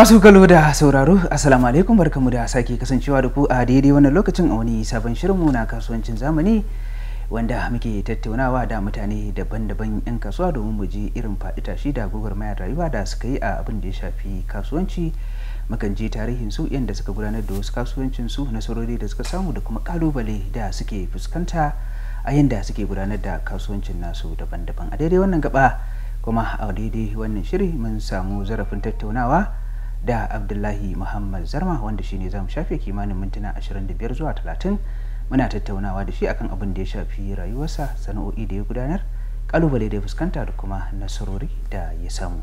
Masu kallo da sauraro, Assalamu alaikum barkamu da sake kasancewa da ku a daidai wannan lokacin a wani sabon shirinmu na kasuwancin zamani wanda muke tattaunawa da mutane daban-daban 'yan kasuwa domin mu ji irin faɗi tashi da mayar rayuwa da suka yi a abin da ya shafi kasuwanci mukan je tarihin su yadda suka gudanar da wasu kasuwancin su nasarori da suka samu da kuma kalubale da suke fuskanta a yadda suke gudanar da kasuwancin nasu daban-daban a daidai wannan gaba kuma a daidai wannan shiri mun samu zarafin tattaunawa da abdullahi muhammad zarma wanda shi shine zamu shafe kimanin mintuna 25 zuwa 30 muna tattaunawa da shi akan abin da ya shafi rayuwarsa sana'o'i da ya gudanar kalubale da ya fuskanta da kuma nasarori da ya samu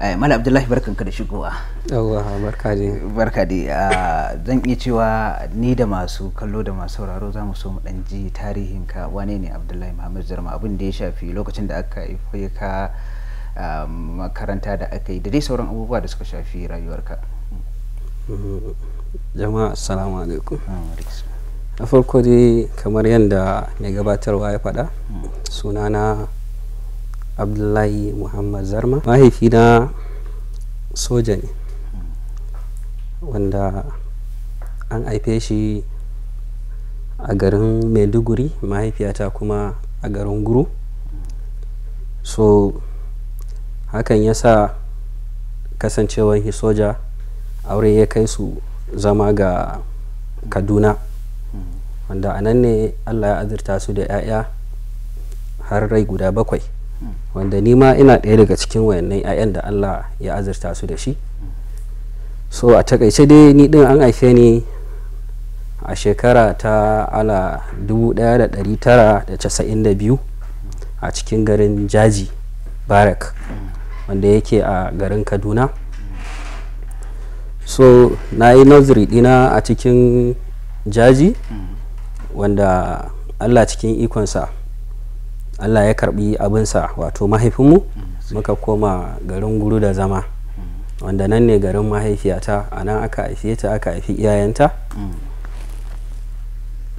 eh, mala abdullahi barkanka da shigowa yawwa barka dai barka dai ah, zan iya cewa ni da masu kallo da masu sauraro za mu so mu dan ji tarihin ka wane ne abdullahi muhammad zarma abin da ya shafi lokacin da aka haife ka Um, makaranta da aka yi da dai sauran abubuwa da suka shafi rayuwarka mm-hmm. jama'a assalamu alaikum na farko dai kamar yadda mai gabatarwa ya faɗa mm. sunana abdullahi muhammad zarma mahaifina soja ne mm. wanda an haife shi a garin maiduguri mahaifiyata kuma a garin guru mm. so hakan ya sa kasancewar soja aure ya kai su zama ga kaduna wanda a nan ne allah ya azurta su da 'ya'ya har rai guda bakwai wanda ni ma ina ɗaya daga cikin wayannan 'ya'yan da allah ya azurta su da shi so a takaice dai ni din an haife ni a shekara ta ala 1992 a cikin garin jaji barak wanda yake a garin kaduna so na yi nazari dina a cikin jaji wanda allah cikin ikonsa allah ya karbi abinsa wato mahaifinmu muka koma garin guru da zama wanda nan ne garin mahaifiyata a nan aka haife ta aka haifi iyayenta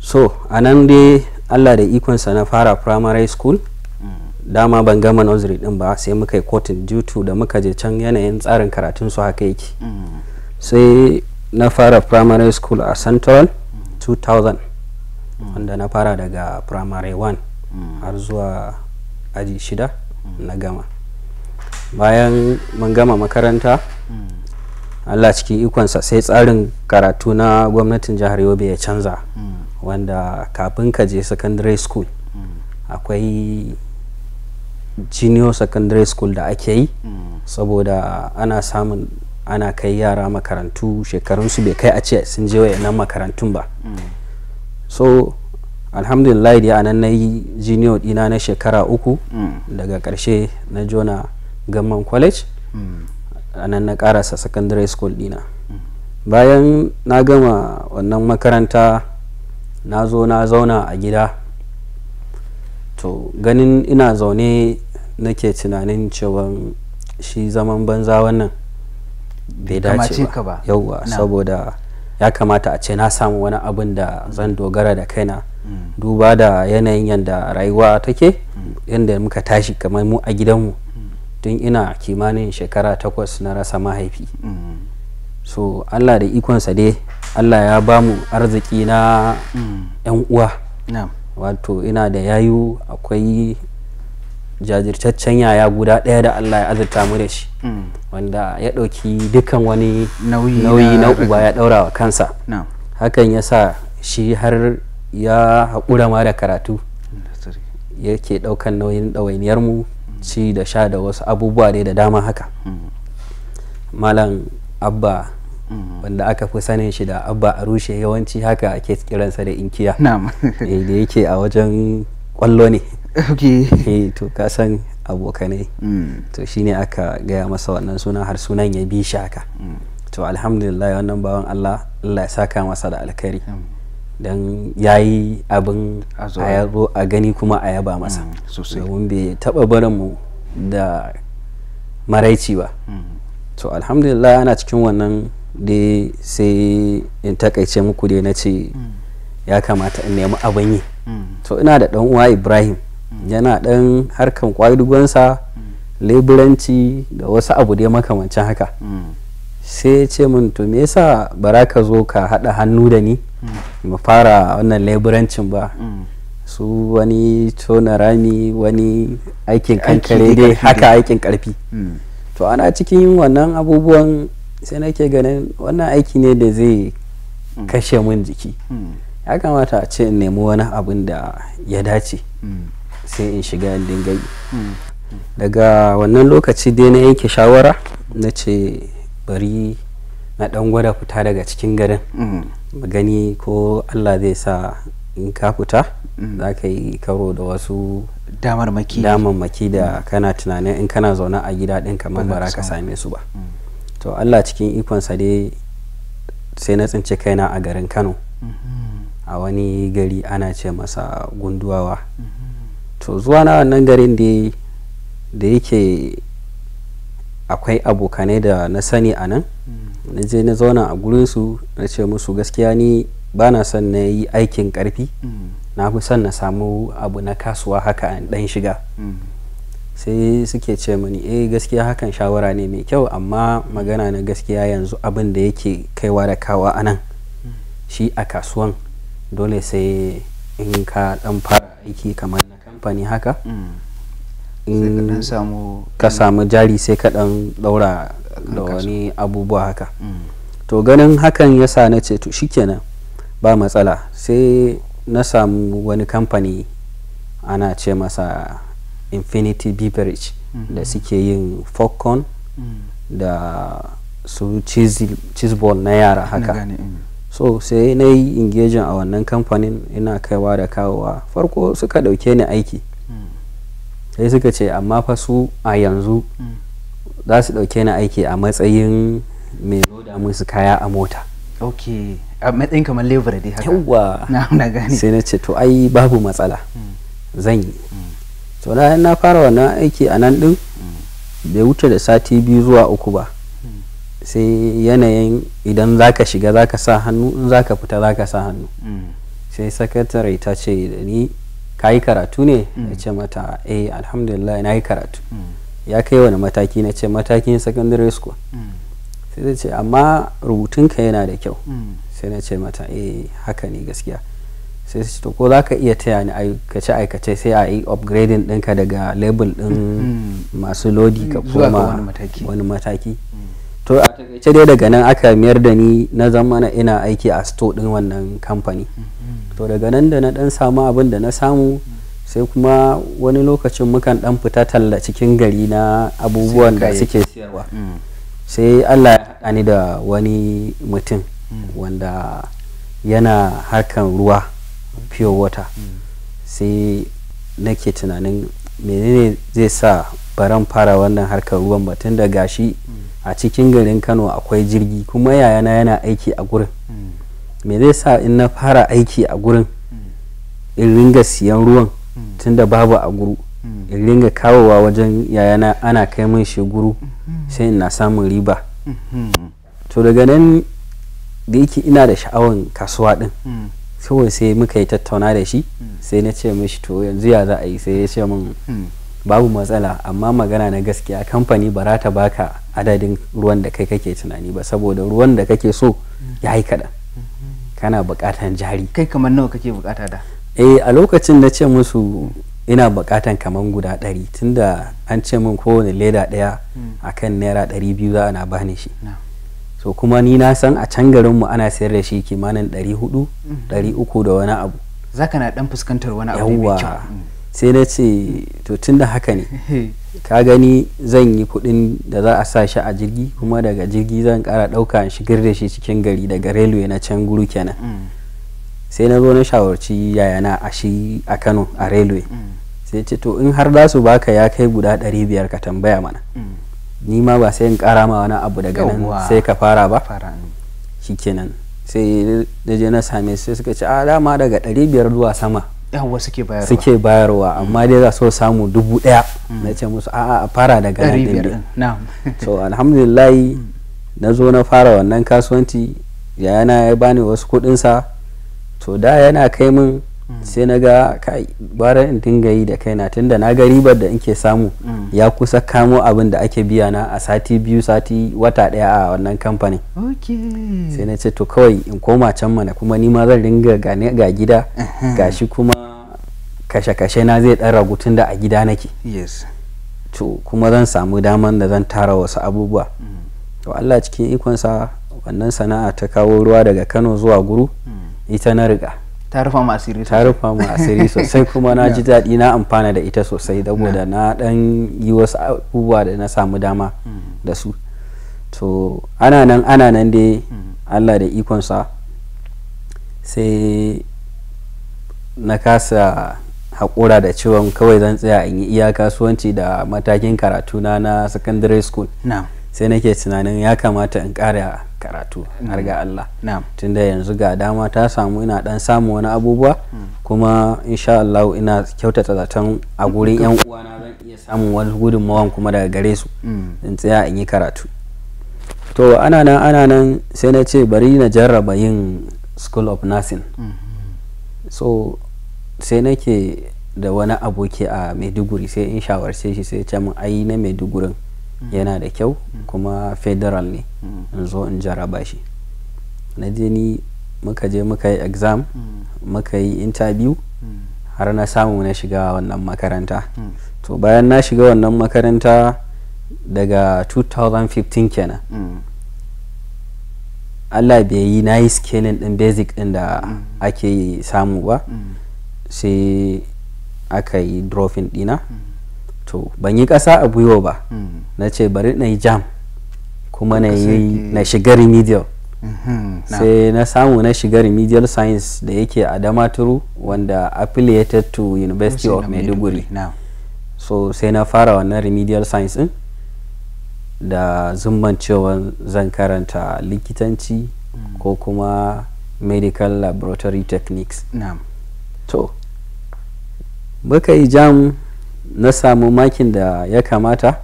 so a nan dai allah da ikonsa na fara primary school dama ban gama nursery din ba sai muka yi kotun jutu da muka je can yanayin tsarin karatun su haka yake sai na fara primary school a central 2000 wanda na fara daga primary 1 har zuwa aji shida na gama bayan mun gama makaranta allah cikin ikonsa sai tsarin karatu na gwamnatin jihar yobe ya canza wanda kafin ka je secondary school akwai junior secondary school da ake yi mm. saboda ana samun ana kai yara makarantu shekarunsu bai kai a ce sun je wayannan makarantun ba mm. so alhamdulillah da anan na yi junior dina na shekara uku mm. daga karshe na jona gamman college anan na karasa secondary school dina bayan na gama wannan makaranta na zo na zauna a gida to ganin ina zaune nake tunanin cewa shi zaman banza wannan bai dace ba yauwa saboda ya kamata a ce na samu wani abin da zan dogara da kaina mm. duba da yanayin yadda rayuwa take mm. yadda muka tashi kamar mu a gidanmu mm. tun ina kimanin shekara takwas na rasa mahaifi so allah da ikonsa dai allah ya bamu arziki na 'yan uwa wato ina da yayu akwai jajirtaccen yaya guda ɗaya da Allah ya azurta mu da shi mm. wanda ya ɗauki dukan wani nauyi na uba ya ɗaura wa kansa hakan ya sa shi har ya haƙura ma da karatu yake ɗaukan nauyin ɗawainiyar mu ci da sha da wasu abubuwa dai da dama haka mm. malam abba Mm-hmm. wanda aka fi sanin shi da abba a rushe yawanci haka ake kiransa da inkiya eh, da yake a wajen kwallo ne eh, to ka san abokanai mm. to shine aka gaya masa wannan sunan har sunan ya bi shi haka mm. to alhamdulillah wannan bawan Allah Allah ya saka masa da alkari don ya yi abin a gani kuma a yaba masa mm, domin bai taba barin mu da maraici ba to alhamdulillah ana cikin wannan dai sai in takaice muku dai na ce mm. ya kamata in nemi abin yi mm. to ina da dan uwa ibrahim mm. yana dan harkan kwadugonsa leburanci da wasu abu dai makamancin haka sai ce min to me yasa bara ka zo ka haɗa hannu da ni mu fara wannan leburancin ba su wani tona rami wani aikin kankare dai haka aikin karfi to ana cikin wannan abubuwan sai nake ganin wannan aiki ne da zai mm. kashe mun jiki mm. ya kamata a ce in nemi wani abin da ya dace mm. sai in shiga in dinga daga wannan lokaci dai na yanke shawara na ce bari na dan gwada fita daga cikin garin gani ko allah zai sa in ka fita za ka yi karo da wasu damarmaki da kana tunanin in kana zaune a gida din kamar bara ka same su ba to allah cikin ikonsa dai sai na tsinci kaina a garin kano mm-hmm. a wani gari ana ce masa gunduwawa mm-hmm. to zuwa na wannan garin da yake akwai abokanai da na sani a nan mm. na je na zauna a gurinsu na ce musu gaskiya ni ba na son na yi aikin karfi mm. na fi son na samu abu na kasuwa haka dan shiga mm. sai suke ce mani eh gaskiya hakan shawara ne mai kyau amma magana na gaskiya yanzu abin da yake kaiwa da kawa a nan shi a kasuwan dole sai in ka dan fara aiki kamar na kamfani haka mm. in ka samu jari sai ka dan daura da wani abubuwa haka mm. to ganin hakan ya sa na ce to shikenan ba matsala sai na samu wani kamfani ana ce masa infinity beverage da mhm. suke yin popcorn mm. da su cheeseball na yara haka mm. so sai na yi ingejin a wannan kamfanin ina kaiwa da kawowa farko suka dauke ni aiki mm. sai suka ce amma fa su a yanzu za su dauke ni aiki a matsayin mai loda musu kaya a mota ok a matsayin kamar lebura dai haka yawwa sai na ce to ai babu matsala zan yi to na na fara wannan aiki a nan din mm. bai wuce da sati biyu zuwa uku ba mm. sai yanayin idan zaka shiga zaka sa hannu in zaka fita zaka sa hannu mm. sai sakatare ta ce da ni ka yi karatu ne ya ce mata eh alhamdulillah na yi karatu ya kai wani mataki na ce matakin secondary school sai ta ce amma rubutunka yana da kyau sai na ce mata eh haka ne gaskiya sai su ko za ka iya taya ni aikace aikace sai a yi upgrading ɗinka daga label ɗin mm. masu lodi ka koma wani mataki mm. to a takaice dai daga nan aka mayar da ni na zama na ina aiki a store ɗin wannan kamfani mm-hmm. to daga nan da na ɗan samu abin da na samu mm. sai kuma wani lokacin mukan ɗan fita talla cikin gari na abubuwan da suke siyarwa sai allah ya haɗa ni da wani mutum wanda yana harkan ruwa pure water sai nake tunanin menene zai sa baran fara wannan harkar ruwan tun da gashi a cikin garin kano akwai jirgi kuma yayana yana aiki a gurin me zai sa in na fara aiki a gurin in ringa siyan ruwan tunda babu a guru in ringa kawowa wajen yayana ana kai min shi guru sai ina samun riba to daga nan da yake ina da sha'awan kasuwa din kawai sai muka yi tattauna da shi hmm. sai na ce mishi to yanzu ya za a yi sai ya ce min hmm. babu matsala amma magana na gaskiya kamfani ba za ta baka adadin ruwan da kai kake tunani ba saboda ruwan da kake so hmm. ya yi kaɗan kana buƙatan jari kai kamar nawa kake buƙata da eh a lokacin na ce musu ina buƙatan kamar guda ɗari tunda an ce min kowane leda ɗaya akan naira ɗari biyu za ana bani shi to kuma ni na san a can garin mu ana sayar da shi kimanin 400 300 mm-hmm. da wani abu zaka na dan fuskantar wani abu mai mm. sai na ce to tun da haka ne ka gani zan yi kudin da za a sa shi a jirgi kuma daga jirgi zan kara dauka in shigar da shi cikin gari daga railway na can guru kenan mm. sai na zo na shawarci yayana a shi a kano a railway mm. sai ce to in har za su baka ya kai guda 500 ka tambaya mana ni ma ba sai in kara ma wani abu daga nan sai ka fara ba shikenan sai da je na same su suka ce a ah, dama daga 500 zuwa sama yawwa suke bayarwa suke bayarwa amma dai za so samu dubu daya mm. na ce musu a a fara daga 500 na'am so alhamdulillah na zo na fara wannan kasuwanci yana ya bani wasu kudinsa to da yana kai min sai na ga kai bara in dinga yi da kaina tunda na ga ribar da inke samu mm. ya kusa kamo abin da ake biya na a sati biyu sati wata daya a wannan kamfanin sai na ce to kawai in koma can mana kuma ni ma zan ringa ga gida gashi kuma kashe-kashe na zai dan ragu tunda a gida nake to kuma zan samu daman da zan tara wasu abubuwa mm. to Allah cikin ikonsa wannan sana'a ta kawo ruwa daga Kano zuwa guru mm. ita na riga ta rufa mu asiri ta rufa mu asiri sosai kuma na ji daɗi na amfana da ita sosai saboda na ɗan yi wasu abubuwa da na samu dama mm-hmm. da su to ana nan ana nan dai mm-hmm. allah da ikon ikonsa sai na kasa haƙura da ciwon kawai zan tsaya in yi iya kasuwanci da matakin karatuna na secondary school sai nake tunanin ya kamata in ƙara karatu hmm. har ga Allah tunda yanzu ga dama ta samu ina dan samu wani abubuwa hmm. kuma insha Allah ina kyautata zaton a gurin yan uwana zan iya samun wani gudunmawan kuma daga gare su hmm. in tsaya in yi karatu to ana nan ana nan sai na ce bari na jarraba yin school of nursing so sai nake da wani aboki a maiduguri sai in shawarce shi sai ce mun ai na maidugurin Mm. yana da kyau mm. kuma federal ne mm. in zo in jaraba shi na je ni muka je muka yi exam muka yi interview har na samu na shiga wannan makaranta to bayan na shiga wannan makaranta daga 2015 kenan allah bai yi na yi scaling din basic din da ake samu ba sai aka yi dropping dina to ban yi ƙasa a gwiwa ba hmm. na ce bari na yi jam kuma na yi na shiga remedial mhm, sai na samu na shiga remedial science da yake a damaturu wanda affiliated to university of maiduguri so sai na fara wannan remedial science din da zumban cewa zan karanta likitanci hmm. ko kuma medical laboratory techniques to muka yi jam na samu makin da ya kamata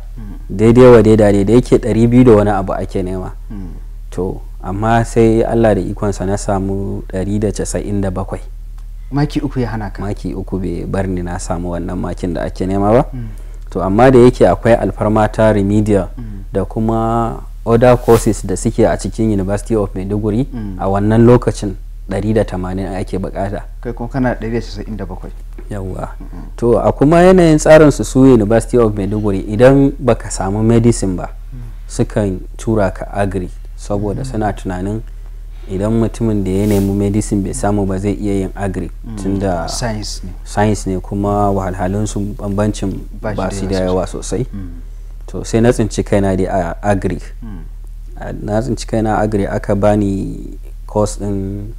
daidai wa daidai da yake 200 da wani abu ake nema to amma sai allah da ikonsa na samu 197 maki uku ya hana ka maki uku bai bar ni na samu wannan makin da ake nema ba mm. to amma da yake akwai alfarma ta remedial mm. da kuma other courses da suke a cikin university of maiduguri mm. a wannan lokacin 180 ake bukata kai kuma kana 197 yawwa mm-hmm. to a kuma yanayin tsarin su su university of maiduguri idan baka samu medicine ba mm. sukan tura ka agri saboda suna mm. tunanin idan mutumin da ya nemi medicine bai samu ba zai iya yin agri mm. tunda science ne kuma wahalhalun su bambancin ba su da yawa sosai to sai na tsinci kaina dai a agri na tsinci kaina agri aka bani course din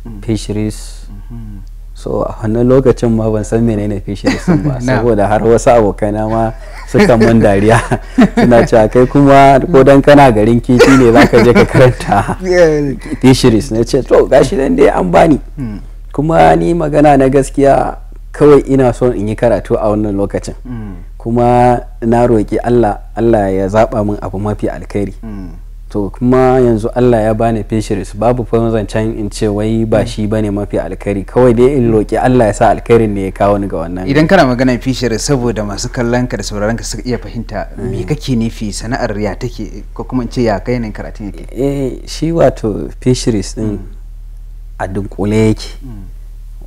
Mm-hmm. fisheries mm-hmm. so a wannan lokacin ma ban san menene fisheries ba saboda har wasu na ma suka man dariya suna cewa kai kuma ko dan kana garin kifi ne zaka je ka karanta fisheries na ce to gashi nan dai an bani mm. kuma ni magana na gaskiya kawai ina so in yi karatu a wannan lokacin mm. kuma na roƙi Allah Allah ya zaɓa min abu mafi alkhairi mm. to kuma yanzu Allah ya bani patience babu fa zancen in ce wai ba hmm. shi bane mafi alkari kawai dai in roki Allah ya sa alkarin ne ya kawo ni ga wannan idan kana magana patience saboda masu kallon ka da sauraron ka suka iya fahimta me hmm. kake nufi sana'ar ya take ko kuma in ce ya kai ne karatun yake eh shi wato patience din hmm. a dunkule yake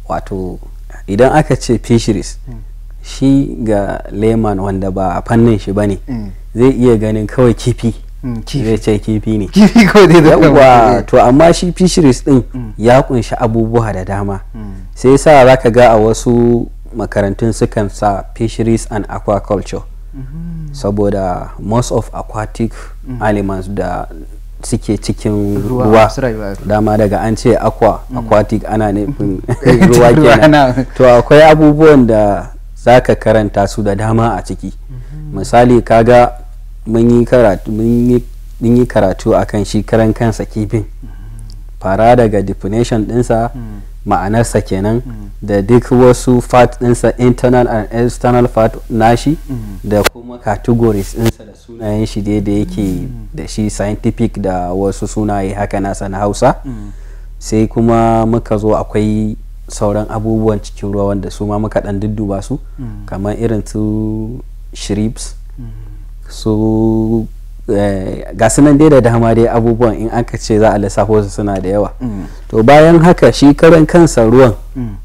wato idan aka ce patience shi ga leman wanda ba fannin shi bane zai iya ganin kawai kifi Mm, zai ce kifi ne kifi ko dai da yawa to amma shi fisheries din mm. ya kunshi abubuwa da dama mm. sai yasa zaka ga a wasu makarantun sukan sa fisheries and aquaculture mm-hmm. saboda most of aquatic animals da suke cikin ruwa dama daga an ce aqua aquatic ana nufin eh, ruwa kenan to akwai abubuwan da zaka karanta su da dama a ciki mm-hmm. misali kaga mun yi karatu a kan akan shi karan kansa kifin fara daga definition dinsa ma'anarsa kenan da duk wasu fat dinsa internal and external fat nashi da kuma categories dinsa da sunayen shi da yake da shi scientific da wasu sunaye haka nasa na hausa sai kuma muka zo akwai sauran abubuwan cikin ruwa wanda su ma muka dan dudduba su kamar irin su shrimps su eh, ga nan dai da dama dai abubuwan in aka ce za a lissafo su suna da yawa mm. to bayan haka shi karan kansa ruwan mm.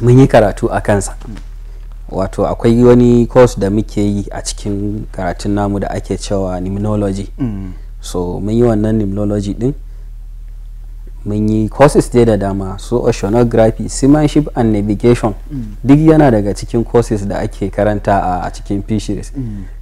mun yi karatu a kansa wato akwai wani course da muke yi a cikin karatun namu da ake cewa nimnology mm. so mun yi wannan nimnology din mun yi courses dai da dama so oceanography seamanship and navigation duk yana daga cikin courses da ake karanta a cikin fisheries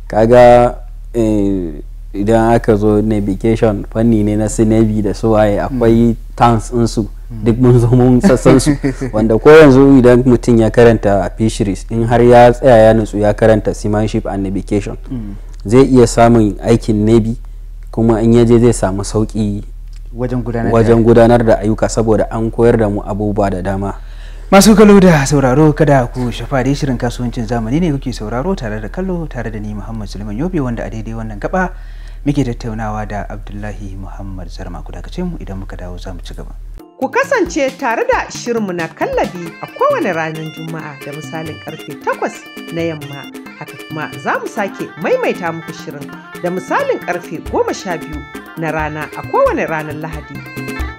kaga Eh, idan aka zo navigation fanni ne na sinabi da suwaye akwai mm. tanks su mm. duk mun zo mun sassan su wanda ko yanzu idan mutum ya karanta fisheries in har ya tsaya ya nutsu ya karanta seamanship and navigation mm. zai iya samun aikin navy kuma in yaje zai samu sauki wajen gudanar da ayyuka saboda an koyar da mu abubuwa da dama masu kallo da sauraro kada ku shafa da shirin kasuwancin zamani ne kuke sauraro tare da kallo tare da ni muhammad suleiman yobe wanda a daidai wannan gaba muke tattaunawa da abdullahi muhammad zarma ku dakace mu idan muka dawo za mu ci gaba ku kasance tare da shirinmu na kallabi a kowane ranar juma'a da misalin karfe 8 na yamma haka kuma za mu sake maimaita muku shirin da misalin karfe 12 na rana a kowane ranar lahadi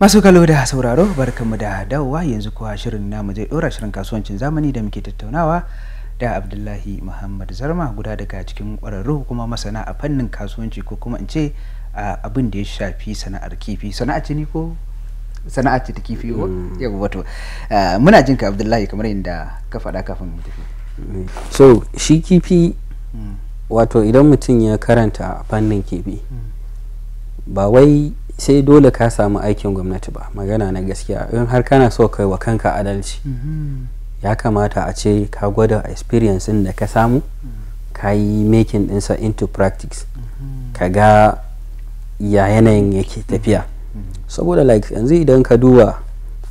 Masu kallo da sauraro barkanmu da dawowa yanzu kuwa shirin namu zai dora shirin kasuwancin zamani da muke tattaunawa da Abdullahi Muhammad Zarma guda daga cikin kwararru kuma masana a fannin kasuwanci ko kuma in ce abin da ya shafi sana'ar kifi sana'a ce ni ko sana'a ce ta kifi ko mm. yau wato muna jin ka Abdullahi kamar yadda ka faɗa kafin mu tafi so shi kifi mm. wato idan mutum ya karanta fannin kifi mm. ba wai sai dole ka samu aikin gwamnati ba magana na gaskiya in har kana so kai wa kanka adalci mm-hmm. ya kamata a ce ka gwada experience da ka samu mm. ka yi making dinsa into practice mm-hmm. ka ga ya yanayin yake tafiya mm-hmm. saboda like yanzu idan ka duba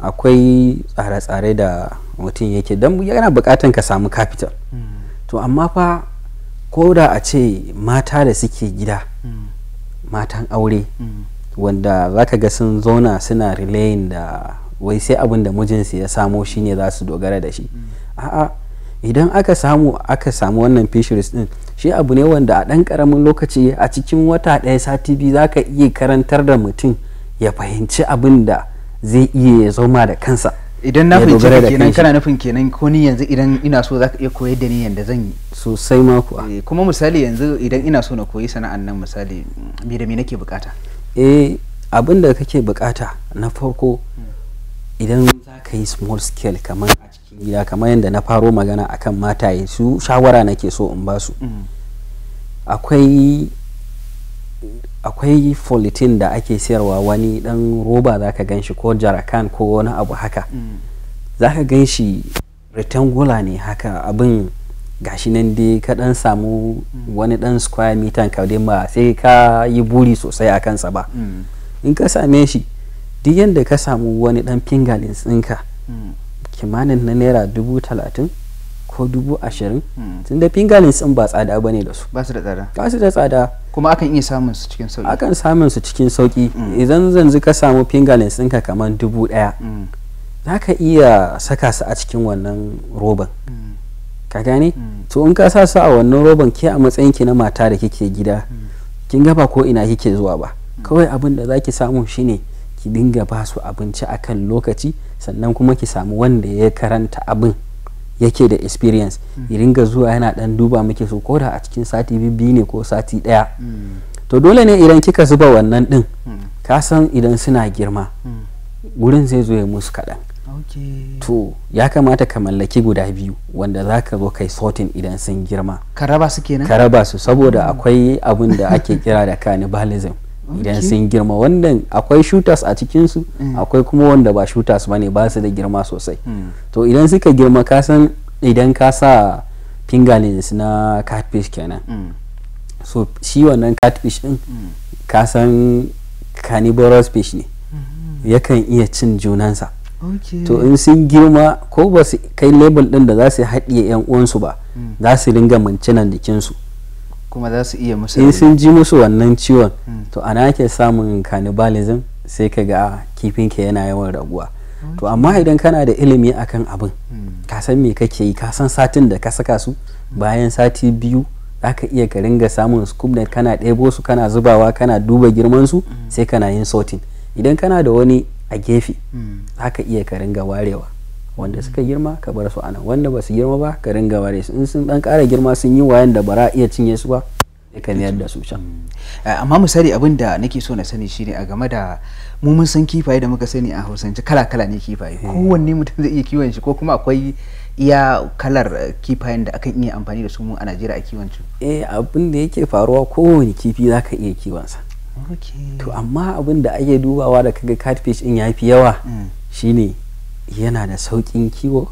akwai tsare-tsare da mutum yake don yana bukatan ka samu capital mm. to amma fa ko da a ce mata da suke gida mm. matan aure wanda za ka ga sun zauna suna relayin da wai sai abin da mijinsu ya samo shine za su dogara da shi a'a idan aka samu aka samu wannan fisheries din shi abu ne wanda a ɗan ƙaramin lokaci a cikin wata ɗaya sati biyu za ka iya karantar da mutum ya fahimci abin da zai iya ya zoma da kansa idan na fahimci kenan kana nufin kenan ko ni yanzu idan ina so za ka iya koyar da ni yanda zan yi sosai ma kuwa eh, kuma misali yanzu idan ina so na koyi sana'an nan misali me da me nake bukata eh abin da kake bukata na farko idan za ka yi small scale kamar a cikin gida kamar yadda na faro magana akan mataye su shawara nake so in basu akwai folitin da ake sayarwa wani dan roba za ka gan ko jarakan ko wani abu haka mm. za ka gan shi rectangular ne haka abin gashi nan dai ka dan samu mm. wani dan square meter ka dai ma sai ka yi buri sosai a kansa ba mm. in ka same shi duk yadda ka samu wani dan pingalin tsinka mm. kimanin na naira dubu talatin ko dubu ashirin tun da pingalin tsin ba tsada ba ne da su ba su da tsada ba su da tsada kuma akan iya samun su cikin sauki akan samun su cikin sauki idan zanzu ka samu pingalin tsinka kamar dubu ɗaya za ka iya saka su a cikin wannan roban ka gane to in ka sa su a wannan roban ke a matsayin ki na mata da kike gida kin ga ba ko ina kike zuwa ba kawai abin da zaki samu shine ki dinga ba su abinci akan lokaci sannan kuma ki samu wanda ya karanta abin yake da experience ya ringa zuwa yana dan duba miki su ko da a cikin sati biyu ne ko sati daya to dole ne idan kika zuba wannan din ka san idan suna girma wurin zai zo ya musu kaɗan to ya kamata ka mallaki guda biyu wanda za ka zo kai sotin idan sun girma ka su kenan ka su saboda hmm. akwai abin da ake kira da cannibalism idan sun girma wannan akwai shooters a cikinsu hmm. akwai kuma wanda ba shooters ba ne ba su da girma sosai hmm. to idan suka girma ka idan ka sa fingerlings na catfish kenan so shi wannan catfish din ka san carnivorous fish ne yakan iya cin junansa to in sun girma ko ba su kai label din da za su haɗiye yan uwansu ba hmm. za su ringa mancinan jikinsu kuma za su iya musu in sun ji musu wannan ciwon hmm. to ana ke samun cannibalism sai ka ga kifin ka yana yawan raguwa to amma idan kana da ilimi akan abin hmm. ka san me kake yi ka san satin da ka saka su bayan sati biyu zaka iya ka ringa samun scoop net kana ɗebo su kana zubawa kana duba girman su sai kana yin sorting idan kana da wani a gefe haka hmm. iya ka ringa warewa wanda suka girma ka bar su anan wanda ba su girma ba ka ringa ware su in sun dan kara girma sun yi wayan da bara iya cinye su ba ka mayar da su can hmm. eh, amma misali abin da nake so na sani shine a game da mu mun san kifaye da muka sani a hausance kala kala ne kifaye eh. kowanne mutum zai iya kiwon shi ko kuma akwai iya kalar kifayen da akan iya amfani da su mu a Najeriya a kiwon su eh abin da yake faruwa kowane kifi zaka iya kiwon sa to amma abin da ake dubawa da kaga catfish in ya fi yawa mm. shine yana da saukin kiwo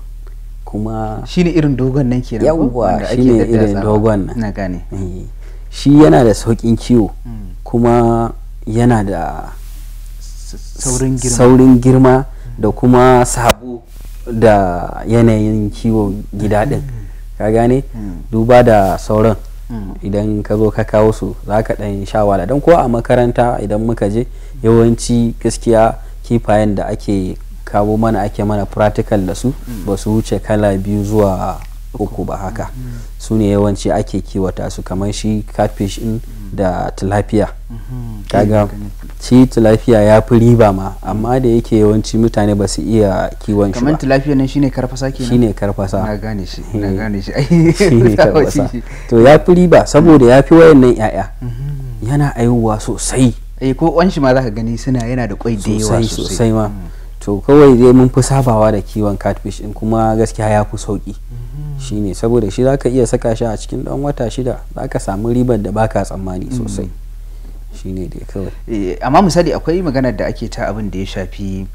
kuma shine irin dogon nan kenan yawwa shine irin dogon nan na gane eh, shi yana da saukin kiwo mm. kuma yana da saurin girma mm. da kuma sabo da yanayin kiwo gida din ka gane duba da sauran idan ka zo ka kawo su za ka ɗan sha wala don ko a makaranta idan muka je yawanci gaskiya kifayen da ake kawo mana ake mana practical da su ba su wuce kala biyu zuwa uku ba haka su ne yawanci ake kiwata su kamar shi catfish in da tilapia mm-hmm. shi tilafiya ya fi riba ma amma da yake yawanci mutane ba su iya kiwon shi ba kamar tilafiya nan shine karfasa ke shine karfasa na gane shi na eh. gane shi shine karfasa to ya fi riba saboda ya fi nan yaya mm-hmm. yana aiwuwa sosai eh ko kwan shi ma zaka gani suna yana da kwai da yawa sosai ma mm. to kawai dai mun fi sabawa da kiwon catfish din kuma gaskiya ya fi sauki mm-hmm. shine saboda shi zaka iya saka shi a cikin dan wata shida zaka samu ribar da baka tsammani sosai shine dai kawai eh, amma misali akwai maganar da ake ta abin da ya shafi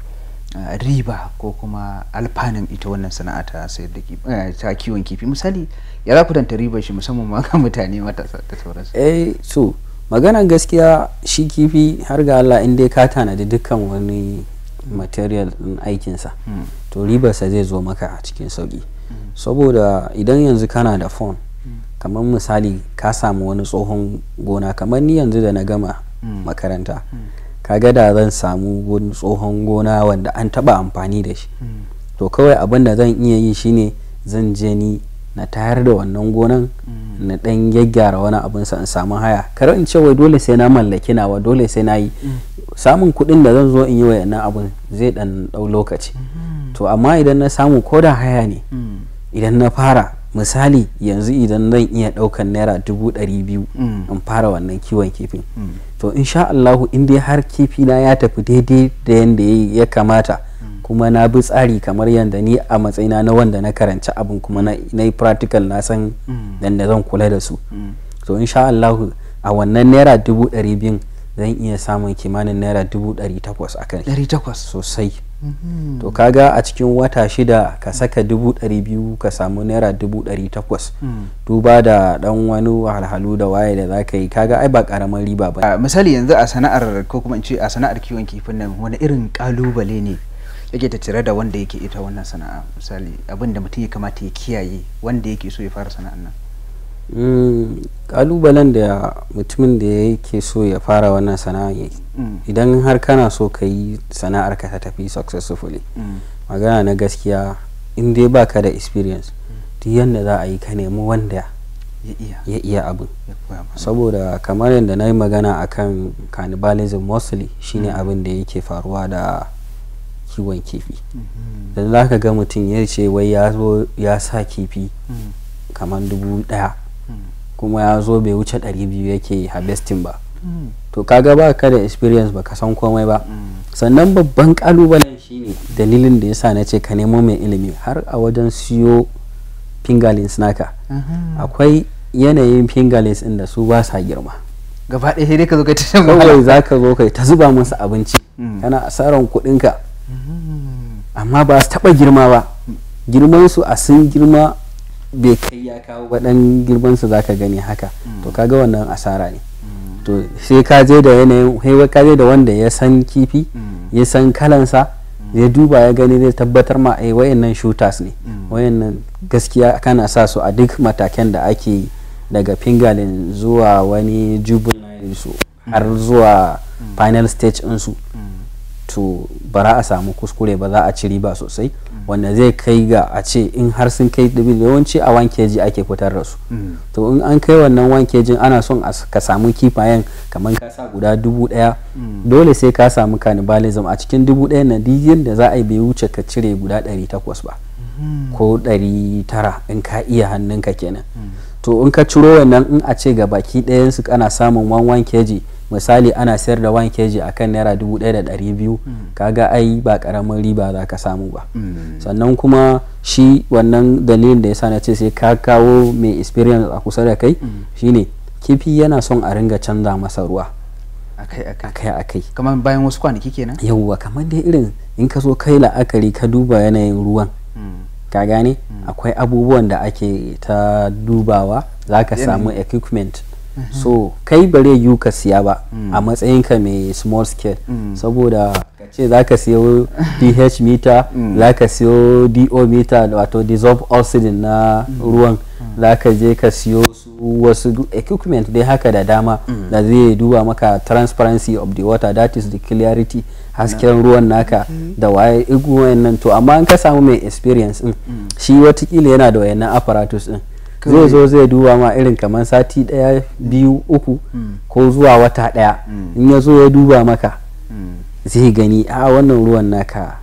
ah, riba ko kuma alfanin ita wannan sana'a ta sayar da eh, ta kiwon kifi misali ya za ku danta riba shi musamman ma ga mutane matasa da sauransu eh so maganar gaskiya shi kifi har ga Allah in dai ka tanadi dukkan wani material din aikinsa hmm. to ribarsa zai zo maka a cikin sauki hmm. saboda idan yanzu kana da phone kamar misali ka samu wani tsohon gona kamar ni yanzu da na gama hmm. makaranta hmm. kaga da zan samu wani tsohon gona wanda an taba amfani da shi hmm. to kawai abin da zan iya yi shine zan je ni na tayar da wannan gonan na dan gyaggyara wani abin sa in samu haya kar in ce wai dole sai na mallaki nawa dole sai na yi samun kuɗin da zan zo in yi wa wayannan abin zai dan dau lokaci to amma idan na samu koda haya ne idan na fara misali yanzu idan zan iya ɗaukan naira dubu ɗari biyu mm. in fara wannan kiwon kifin mm. to insha Allahu in dai har kifi na ya tafi daidai da yadda ya kamata mm. kuma na bi tsari kamar yadda ni a matsayina na wanda na karanci abin kuma na yi practical na san yadda zan kula da su to insha Allahu a wannan naira dubu ɗari biyun zan iya samun kimanin naira dubu ɗari takwas a ɗari takwas sosai to kaga a cikin wata shida ka saka dubu ɗari biyu ka samu naira dubu ɗari takwas hmm. duba da ɗan wani wahalhalu da waye da zaka yi kaga ai ba ƙaramin riba ba misali yanzu a sana'ar ko kuma in ce a sana'ar kiwon kifin nan wani irin ƙalubale ne yake ta cire da wanda yake ita wannan sana'a misali abin da mutum ya kamata ya kiyaye wanda yake so ya fara sana'ar nan kalubalen mm, da mutumin da ke so ya fara wannan sana'a ya mm. idan har kana so ka yi sana'ar ka ta tafi successfully mm. magana na gaskiya in dai baka da experience duk yadda za a yi ka nemi wanda ya iya abin saboda kamar yadda na yi magana akan cannibalism mostly shine abin da yake faruwa da kiwon kifi da mm-hmm. za ka ga mutum ya ce wai ya sa kifi kamar dubu daya kuma ya zo bai wuce 200 yake harvesting ba hmm. to kaga ba ka da experience ba ka san komai ba hmm. sannan babban kalubalen shine dalilin da yasa na ce ka nemo mai ilimi har a wajen siyo fingerlings naka akwai yanayin fingerlings inda su ba sa girma gaba ɗaya sai dai ka zo kai ta shan kawai za ka zo kai ta zuba musu abinci hmm. kana asaran ka amma ba su taɓa girma ba girman su a sun girma bai kai ya kawo ba dan girman za ka gani haka to mm. kaga wannan asara ne mm. to sai ka je da yanayin sai ka je da wanda ya san kifi mm. ya san kalansa ya duba ya gani zai tabbatar ma ai eh, wayannan shooters ne wayannan gaskiya kana sa su a duk matakan da ake daga fingalin zuwa wani jubilee su har zuwa final stage su to bara a samu kuskure ba za a ci riba sosai wanda zai kai ga a ce in har sun kai dubi yawanci a wan keji ake fitar da su mm. to in an kai wannan wankejin ana son ka samu kifayen kamar ka sa guda dubu daya mm. dole sai ka samu cannibalism a cikin dubu daya na digin da za a yi bai wuce ka cire guda ɗari takwas ba mm. ko ɗari tara in ka iya hannunka kenan to in ka ciro wannan in a ce ga baki su kana samun wan wankeji. keji misali ana sayar da 1 kg a kan naira 1200 mm. kaga ai ba karamin riba za ka samu ba mm. sannan kuma shi wannan dalilin da ya sa na ce sai ka kawo mai experience a kusa da kai mm. shine kifi yana son a ringa canza masa ruwa akai-akai kamar bayan wasu kwanaki kenan yawwa kamar dai irin in ka so kai la'akari ka duba yanayin ruwan ka gane akwai abubuwan da ake ta dubawa za ka samu equipment so kai bare yiwu ka siya ba a mm. matsayinka mai small scale mm. saboda ka ce za ka siyo dh meter mm. za ka siyo do meter wato dissolve oxygen na ruwan za ka je ka siyo wasu equipment dai haka da dama da zai duba maka transparency of the water that is the clarity hasken ruwan naka da waye igwayen nan to amma an ka samu mai experience din shi watakila yana da wayannan apparatus din zai zo zai duba ma irin kamar sati daya biyu uku hmm. ko zuwa wata daya hmm. in ya zo ya duba maka hmm. zai gani a wannan ruwan naka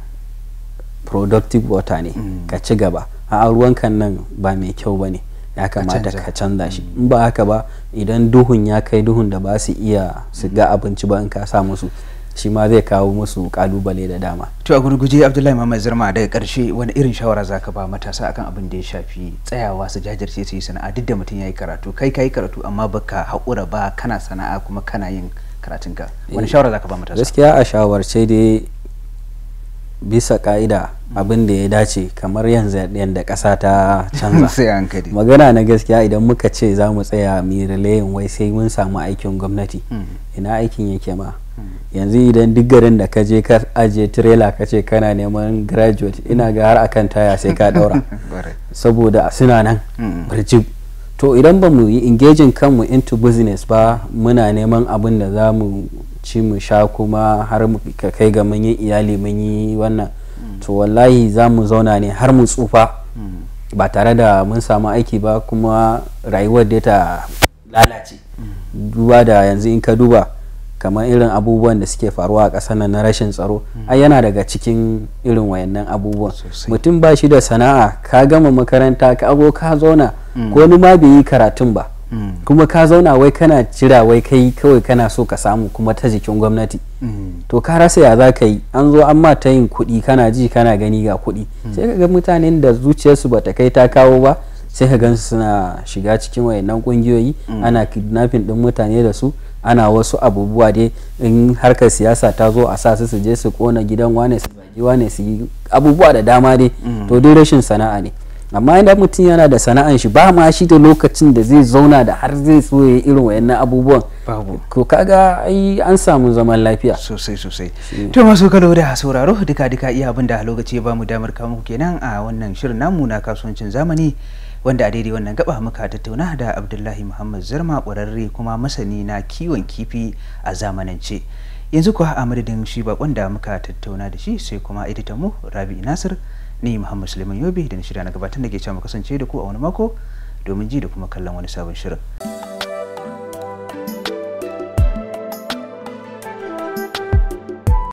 productive water ne ka ci gaba a kan nan ba mai kyau ba ne ya kamata ka canza shi in ba haka ba idan duhun ya kai duhun da ba su iya su ga abinci ba in ka sa musu shi ma zai kawo musu kalubale da dama to a gurguje abdullahi Muhammad Zarma daga karshe wani irin shawara za ka ba matasa akan abin da ya shafi tsayawa su jajirce su yi sana'a duk da mutum ya yi karatu kai ka yi karatu amma baka haƙura ba kana sana'a kuma kana yin karatunka wani eh, shawara za ka ba matasa gaskiya a shawarce dai bisa ka'ida abin da ya dace kamar yanzu yadda ƙasa ta canza magana na gaskiya idan muka ce za mu tsaya mu yi wai sai mun samu aikin gwamnati hmm. ina aikin yake ma hmm. yanzu idan duk garin da ka je ka ajiye tirela ka ce kana neman graduate ina ga har akan taya sai ka daura saboda suna nan barci to idan ba mu yi engaging kanmu into business ba muna neman abin da za mu ci mu sha kuma har mu kai ga mun yi iyali mun yi wannan mm. to wallahi za mu zauna ne har mu tsufa mm. ba tare da mun samu aiki ba kuma rayuwar da ta lalace mm. duba da yanzu in ka duba kamar irin abubuwan da suke faruwa a ƙasar nan na rashin tsaro ai yana daga cikin irin wayannan abubuwan mutum ba shi da sana'a ka gama makaranta ka abo ka zauna mm. ko wani ma bai yi karatun ba mm. kuma ka zauna wai kana jira wai kai kawai kana so ka samu kuma ta jikin gwamnati mm. to ka rasa ya za ka yi an zo an ma ta yin kuɗi kana ji kana gani ga kuɗi sai ka ga mutanen da zuciyarsu ba ta kai ta kawo ba sai ka gansu suna shiga cikin wayannan kungiyoyi ana kidnapping din mutane da su ana wasu abubuwa dai in harkar siyasa ta zo a sa su su je su kona gidan wane su zaji wane su yi abubuwa da dama dai mm. to dai rashin sana'a ne amma idan mutum yana da sana'an shi ba ma shi da lokacin da zai zauna da har zai so ya irin wayannan abubuwan ko kaga ai an samu zaman lafiya sosai sosai to masu kallo da sauraro duka duka iya abin da lokaci ba mu damar kawo kenan a wannan shirin namu na kasuwancin zamani wanda a daidai wannan gaba muka tattauna da abdullahi muhammad zarma ƙwararre kuma masani na kiwon kifi a zamanance yanzu kuwa a madadin shi bakon da muka tattauna da shi sai kuma ta mu rabi nasir ni muhammad suleiman yobe da na shirya na gabatar da ke cewa kasance da ku a wani mako domin ji da kuma kallon wani sabon shirin